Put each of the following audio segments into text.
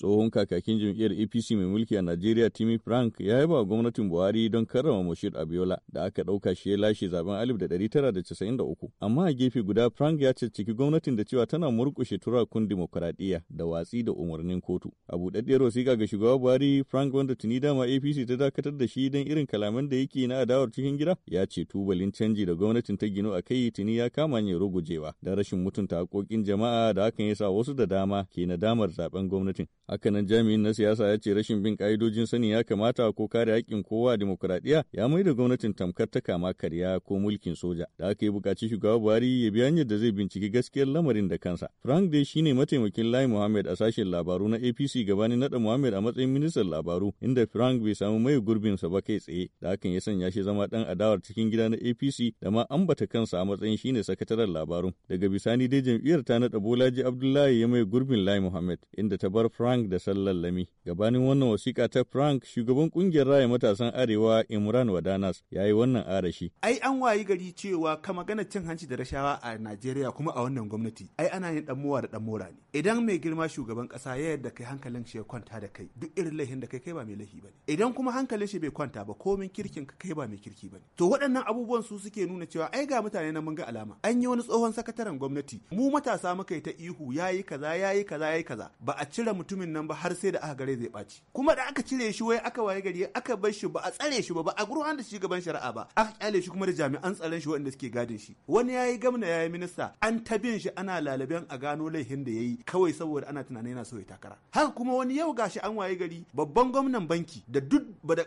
tsohon kakakin jam'iyyar apc mai mulki a najeriya timi frank ya yaba wa gwamnatin buhari don karrama moshid abiola da aka ɗauka shi ya lashe zaben 1993 amma a gefe guda frank ya cicciki gwamnatin da cewa tana murƙushe turakun dimokuraɗiyya da watsi da umarnin kotu a buɗaɗɗiyar wasiƙa ga shugaba buhari frank wanda tuni dama apc ta dakatar da shi don irin kalaman da yake na adawar cikin gida ya ce tubalin canji da gwamnatin ta gino a kai tuni ya kama ne rugujewa da rashin mutunta haƙoƙin jama'a da hakan ya sa wasu da dama ke nadamar zaben gwamnatin Hakanan jami'in na siyasa ya ce rashin bin ka'idojin sani ya kamata ko kare hakkin kowa demokuraɗiyya ya mai da gwamnatin tamkar ta kama karya ko mulkin soja. Da aka yi bukaci shugaba Buhari ya bi hanyar da zai binciki gaskiyar lamarin da kansa. Frank dai shine mataimakin Lai Muhammad a sashen labaru na APC gabanin naɗa Muhammad a matsayin ministan labaru inda Frank bai samu mai gurbinsa ba kai tsaye. Da hakan ya sanya shi zama ɗan adawar cikin gida na APC da ma ambata kansa a matsayin shine sakataren labarun. Daga bisani dai jam'iyyar ta naɗa Bolaji Abdullahi ya mai gurbin Lai Muhammad inda ta bar Frank Frank da Sallallami. Gabanin wannan wasiƙa ta Frank, shugaban ƙungiyar raya matasan Arewa Imran Wadanas ya yi wannan arashi. Ai an wayi gari cewa ka magana cin hanci da rashawa a Najeriya kuma a wannan gwamnati. Ai ana yin dan da dan mora ne. Idan mai girma shugaban ƙasa ya yarda kai hankalin shi ya kwanta da kai, duk irin laifin da kai kai ba mai laifi ne Idan kuma hankalin shi bai kwanta ba, komin kirkin ka kai ba mai kirki ba ne To waɗannan abubuwan su suke nuna cewa ai ga mutane na mun ga alama. An yi wani tsohon sakataren gwamnati. Mu matasa muka yi ta ihu yayi kaza yayi kaza yayi kaza. Ba a cire mutum mutumin nan ba har sai da aka gare zai ɓaci kuma da aka cire shi wai aka waye gari aka bar shi ba a tsare shi ba ba a gurhan da shi gaban shari'a ba aka kyale shi kuma da jami'an tsaron shi waɗanda suke gadin shi wani yayi gamna yayi minista an tabin shi ana lalaben a gano laifin da yayi kawai saboda ana tunanin yana so ya takara haka kuma wani yau gashi an waye gari babban gwamnan banki da duk ba da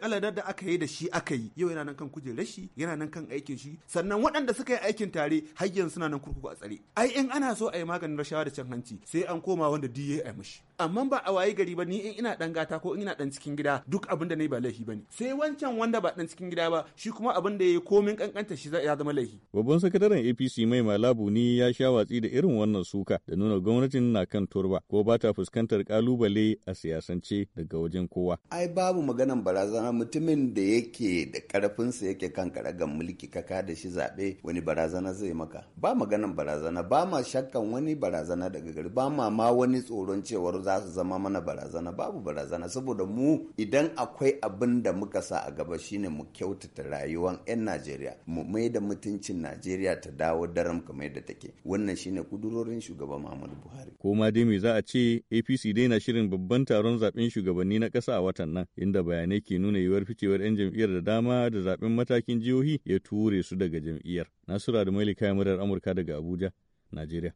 aka yi da shi aka yi yau yana nan kan kujerar shi yana nan kan aikin shi sannan waɗanda suka yi aikin tare har yanzu suna nan kurkuku a tsare ai in ana so a yi maganin rashawa da cin hanci sai an koma wanda DA ya mishi amma ba a waye gari ba ni in ina dan gata ko in ina dan cikin gida duk abin da nayi ba laifi bane sai wancan wanda ba dan cikin gida ba shi kuma abin da yayi komin kankanta shi ya zama laifi babban sakataren APC mai malabu ni ya sha watsi da irin wannan suka da nuna gwamnatin na kan turba ko ba ta fuskantar kalubale a siyasance daga wajen kowa ai babu maganan barazana mutumin da yake da karfin sa yake kan karagan mulki kaka da shi zabe wani barazana zai maka ba maganan barazana ba ma shakkan wani barazana daga gari ba ma ma wani tsoron cewar za su zama zama mana barazana babu barazana saboda mu idan akwai abin da muka sa a gaba shine mu kyautata rayuwar 'yan Najeriya mu mai da mutuncin Najeriya ta dawo daren kamar yadda take wannan shine kudurorin shugaban Muhammadu Buhari koma dai me za a ce APC dai na shirin babban taron zaben shugabanni na kasa a watan nan inda bayanai ke nuna yiwuwar ficewar 'yan jam'iyyar da dama da zaben matakin jihohi ya ture su daga jam'iyyar Nasura da Mailika murar Amurka daga Abuja Najeriya